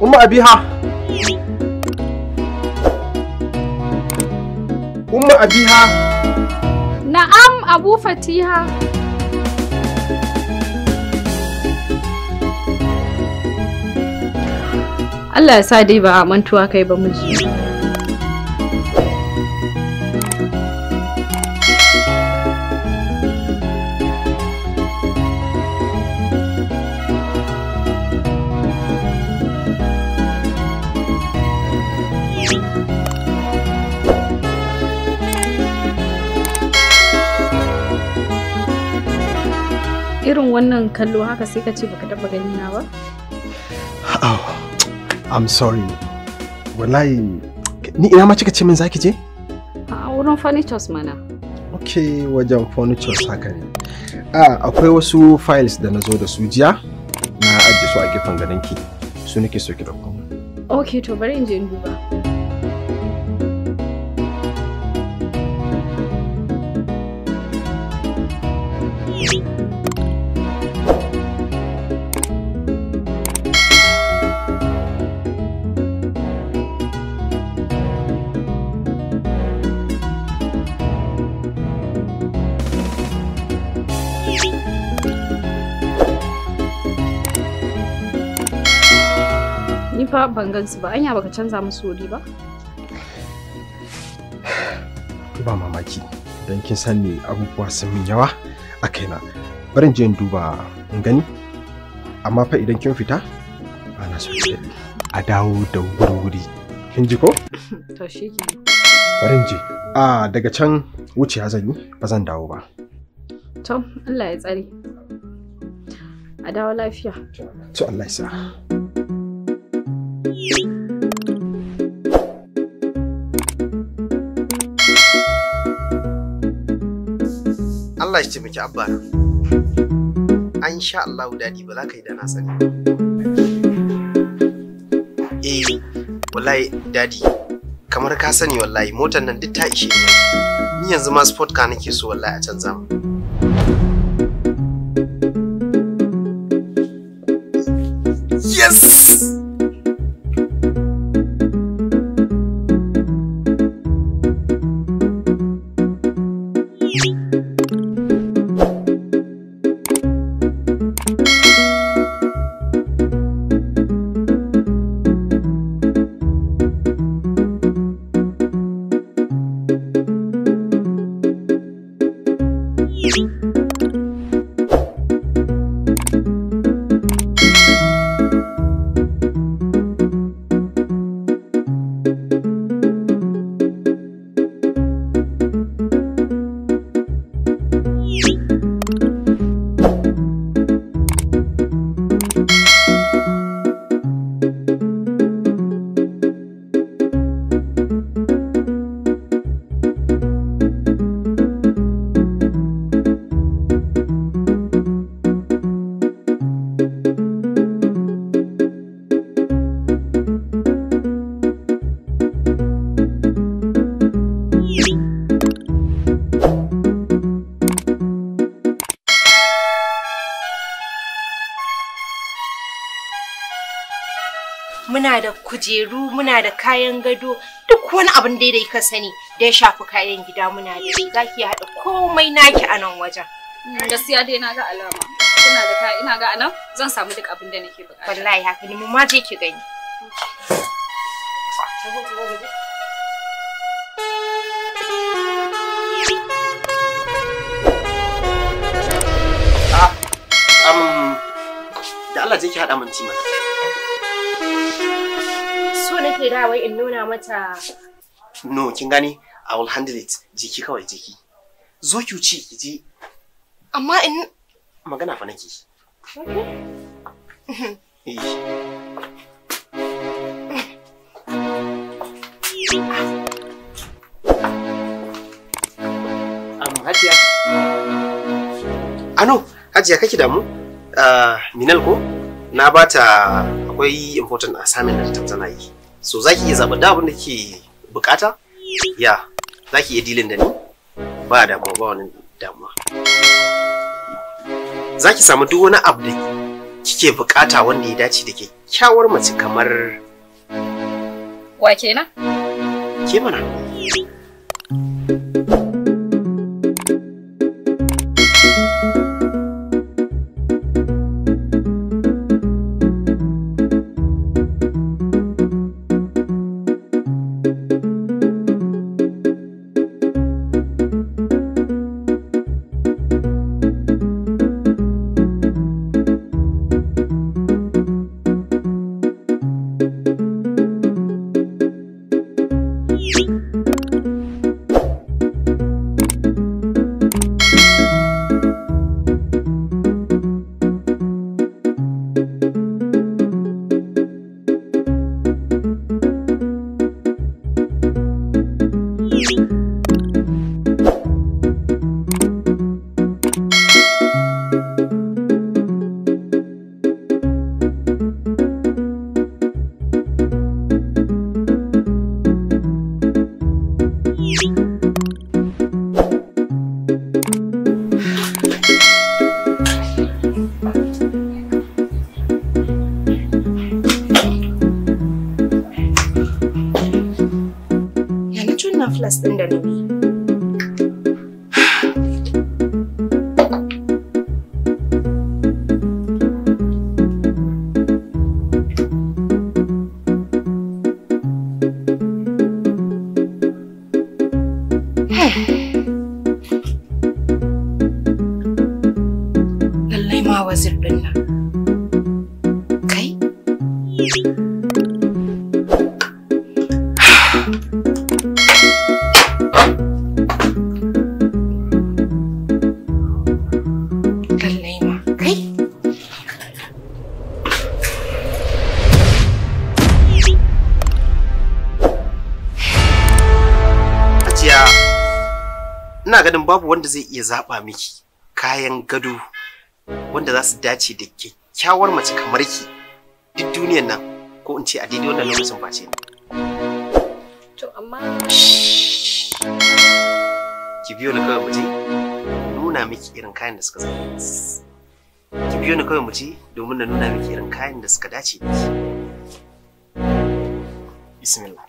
Uma abiha umma abiha na'am abu fatiha Allah ya sa dai ba a mantuwa kai ba miji. irin wannan kallo haka sai ka ce baka taba gani na ba oh, i'm sorry wallahi ni ina ma kika ce min zaki je a wurin furnitures mana okay wajen furnitures haka ne ah akwai wasu files da na zo da su jiya na ajiye su a gefen ganin ki su nake so ki dauko okay to bari in je in duba fa ban gansu ba anya baka canza musu wuri ba ba mamaki don kin san ne abubuwa sun min yawa a kaina barin je in duba in gani amma fa idan kin fita ana na so a dawo da wuri kin ji ko to shi ke barin je a daga can wuce zan yi ba zan dawo ba to Allah ya tsare a dawo lafiya to Allah ya sa Allah shi miki abba an sha Allahu daɗi ba za ka yi da na sani eh wallahi dadi kamar ka sani wallahi motar nan duk ta ishe ni yanzu ma sport ka nake so wallahi a canza mu kujeru muna da kayan gado duk wani abin da ka sani da ya shafi kayan gida muna da shi za ki haɗa komai naki a nan wajen. Mm, gaskiya dai na ga alama. Ina da kaya ina ga anan zan samu duk abin da nake buƙata. Wallahi haka ne mun ma je ki gani. Ah, da Allah je ki haɗa mun ci mana. take da wai in nuna mata no kin gani i will handle it jiki kawai jiki zo ki ci ki ji. amma in magana fa nake okay eh. um, Hajiya. Ano, ah, Hajiya kake damu? Uh, Minal ko? Na bata akwai important assignment da ta tana yi. so zaki iya zaɓa da abin da ke bukata ya za iya dilin da ni ba damuwa ba wani damuwa za samu duk wani abu da kike bukata wanda ya dace da kyakkyawar mace kamar wa kenan ke mana ganin babu wanda zai iya zaɓa miki kayan gado wanda za su dace da kyakkyawar mace kamar ki duk duniyar nan ko in ce a daidai wannan lokacin face ni. To amma. Ki biyo ni kawai muje nuna miki irin kayan da suka zama. Ki biyo ni kawai muje domin na nuna miki irin kayan da suka dace da ki. Bismillah.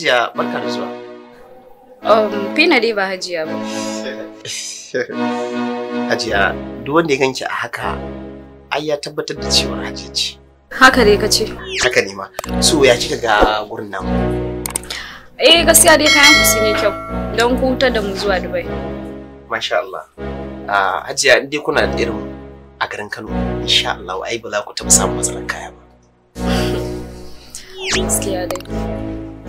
Hajiya barka da zuwa. Um, fina dai ba Hajiya ba. Hajiya, duk wanda ya ganki a haka ai ya tabbatar da cewa Hajiya ce. Haka dai kace. Haka ne ma. So ya kika ga gurin nan? Eh gaskiya dai kayan ku sun yi kyau don kuta da mu zuwa Dubai. Masha Allah. Ah, Hajiya in kuna da irin a garin Kano insha Allah ai ba za ku taɓa samun matsalar kaya ba. Gaskiya dai.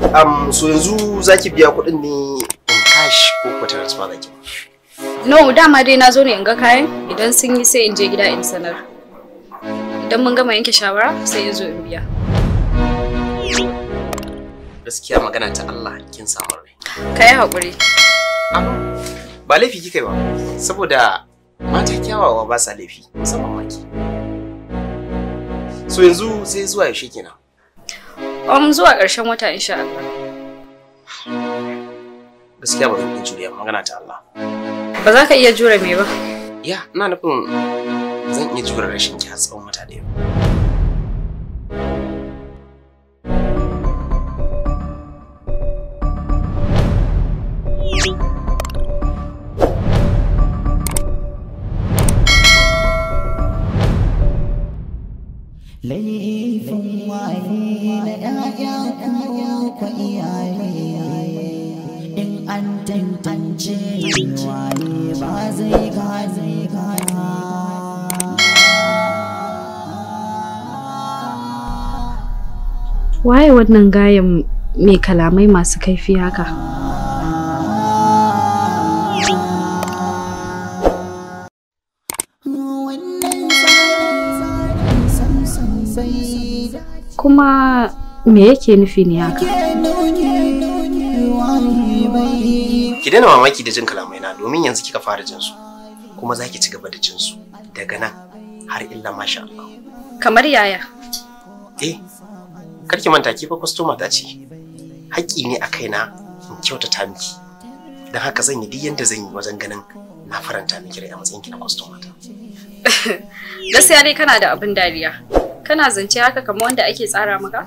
um, so yanzu zaki biya kuɗin ne in cash ko ko transfer zaki no dama dai na zo ne in ga kayan idan sun yi sai in je gida in sanar idan mun gama yanke shawara sai in zo in biya gaskiya magana ta Allah kin samu rai kai hakuri ba laifi kika yi ba saboda mata kyawawa ba sa laifi musamman maki so yanzu sai zuwa yaushe kenan Um, zuwa ƙarshen wata insha Allah. Gaskiya ba zan iya jure magana ta Allah. Ba za ka iya jure me ba? Ya, ina nufin zan iya jure rashin ki har tsawon wata yawa? waye wannan gayan mai kalamai masu kaifi haka kuma me yake nufi ne haka ki daina mamaki da jin kalamai na domin yanzu kika fara jin su kuma za ki ci gaba da jin su daga nan har illa masha Allah kamar yaya eh Karki manta ki fa kifa ta ce, haƙƙi ne a kaina in kyautata miki. Don haka zan yi duk yadda zan yi wajen ganin na faranta miki rai a matsayin ki na customer ta. Gaskiya dai kana da abin dariya. Kana zance haka kamar wanda ake tsara maka?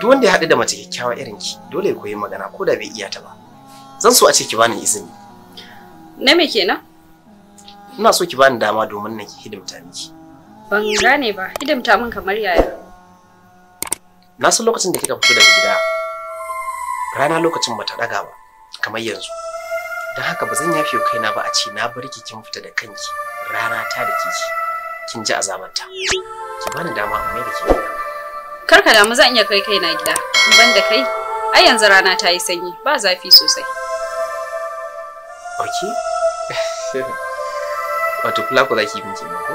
Duk wanda ya haɗu da mace kyakkyawa irin ki dole ya koyi magana ko da bai iya ta ba. Zan so a ce ki bani izini. Na me kenan? Ina so ki bani dama domin na ki hidimta miki. Ban gane ba, hidimta min kamar yaya. na san lokacin da kika fito daga gida rana lokacin ta daga ba kamar yanzu don haka ba zan yafe kaina ba a ce na bar kin fita da kanki rana ta da kiki kin ji azabarta ki bani dama amma da ke kar ka damu zan iya kai kaina gida in ban da kai ai yanzu rana ta yi sanyi ba zafi sosai ok wato kula ku za ki yi min ko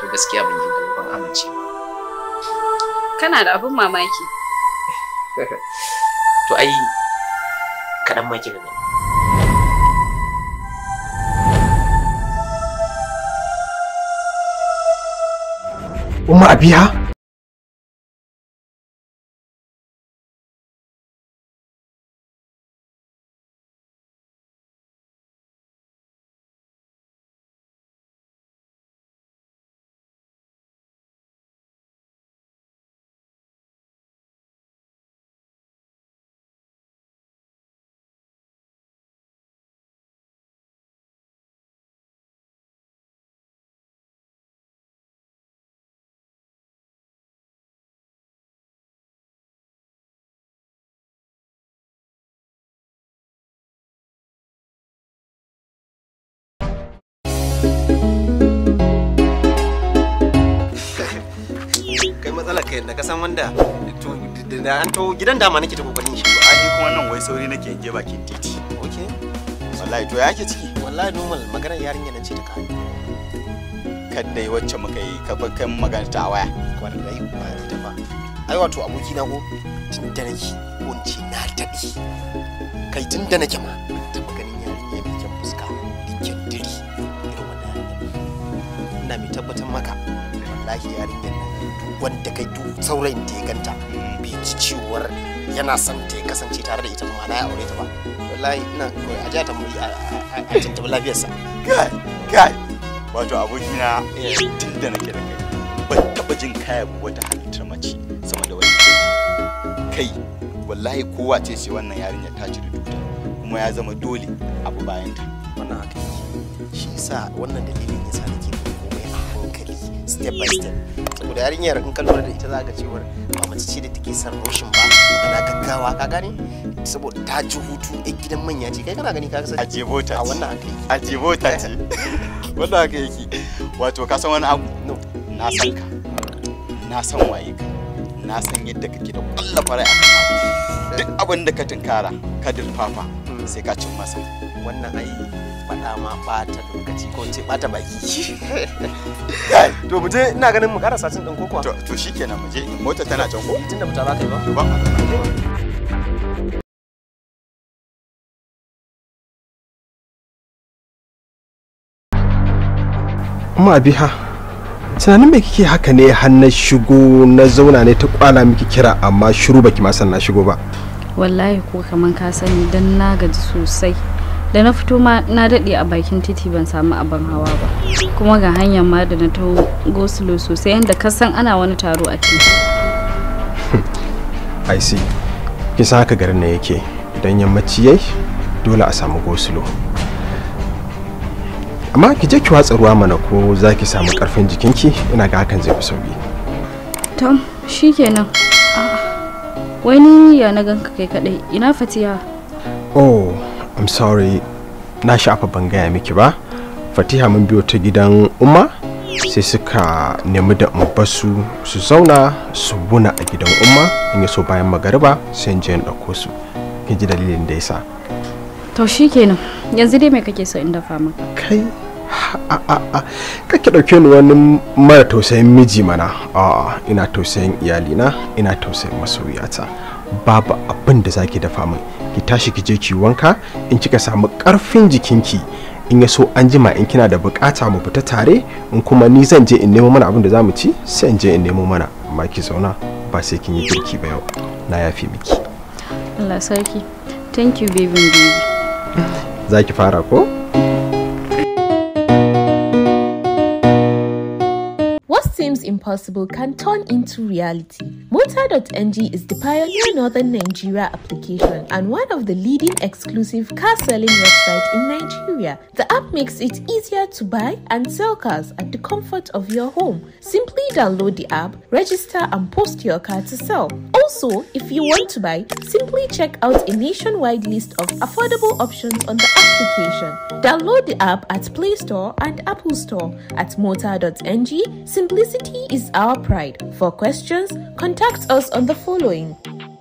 to gaskiya ban yi ban amince ba Kana da abin mamaki. To ai kaɗan ma kika gani. Abiha? matsala kai da kasan wanda to da an to gidan dama nake ta kokarin shi to ai kuma nan wai sauri nake je bakin titi okay wallahi to yake ciki wallahi normal magana yarinya nan ce ta kawo kadda yi wacce muka yi ka kan magana ta waya yi ba ita ba ai wato aboki na ko tun da nake ko na ce na tabi kai tun da nake ma ta maganin yarinya mai kyan fuska dikin diri irin wannan na mai tabbatar maka wallahi yarinyar nan wanda kai duk saurayin da ya ganta bai ji ciwar yana son ta ya kasance tare da ita ba na ya aure ta ba wallahi ina koyi a jata mu a tinta lafiyarsa kai kai wato abokina eh, tun da nake da kai ban taba jin kaya wata halittar mace sama da wani kai wallahi kowa ce ce wannan yarinyar ta ci da duta kuma ya zama dole abu bayan ta wannan haka shi yasa wannan dalilin ya sa nake step by step saboda yarinyar in ka lura da ita za ka cewar ba mace ce da take son roshin ba ana gaggawa ka gane saboda ta ji hutu a gidan manya ce kai kana gani ka kasance a jebota a wannan aka yi a jebota ce wannan aka yi wato ka san wani abu no na san ka na san waye ka na san yadda kake da kwalla farai a kan duk abin da ka tunkara ka dirfafa hmm. sai ka cin masa wannan ai faɗa ma ɓata lokaci ko ce ɓata baki to mu je ina ganin mu karasa cin ɗin ko To to shikenan mu je mota tana can ko tunda mu ba kai ba to ba Ma biha tunanin me kike haka ne hannun shigo na zauna ne ta kwala miki kira amma shiru baki ma san na shigo ba wallahi ko kaman ka sani dan na gaji sosai da na fito ma na daɗe a bakin titi ban samu abin hawa ba kuma ga hanyar ma da na taho gosulo sosai yadda ka san ana wani taro a titi i see kisa haka garin na yake idan yammaci yai dole a samu gosulo amma ki je ki watsa ruwa mana ko za ki samu karfin jikinki ina ga hakan zai fi sauki tom shikenan wani ya na ganka kai kadai ina fatiya oh I'm sorry na shafa ban gaya miki ba fatiha mun biyo ta gidan umma sai suka nemi da basu su zauna su buna a gidan umma in ya bayan magariba sai in je in ɗauko su kin ji dalilin da yasa to shi kenan yanzu dai me kake so in dafa maka kai kake ɗauke ni wani mara tausayin miji mana a'a ina tausayin iyalina ina tausayin masoyata babu abin da zaki dafa min ki tashi ki je ki wanka in kika samu karfin jikinki in ya so an jima in kina da bukata mu fita tare in kuma ni zan je in nemo mana abin da za mu ci sai in je in nemo mana amma ki zauna ba sai kin yi kirki ba yau na yafi miki Allah sarki thank you baby baby za ki fara ko impossible can turn into reality. Mota.ng is the pioneer northern Nigeria application and one of the leading exclusive car selling websites in Nigeria. The app makes it easier to buy and sell cars at the comfort of your home. Simply download the app, register and post your car to sell. Also, if you want to buy, simply check out a nationwide list of affordable options on the application. Download the app at Play Store and Apple Store. At Mota.ng, simplicity is our pride. For questions, contact us on the following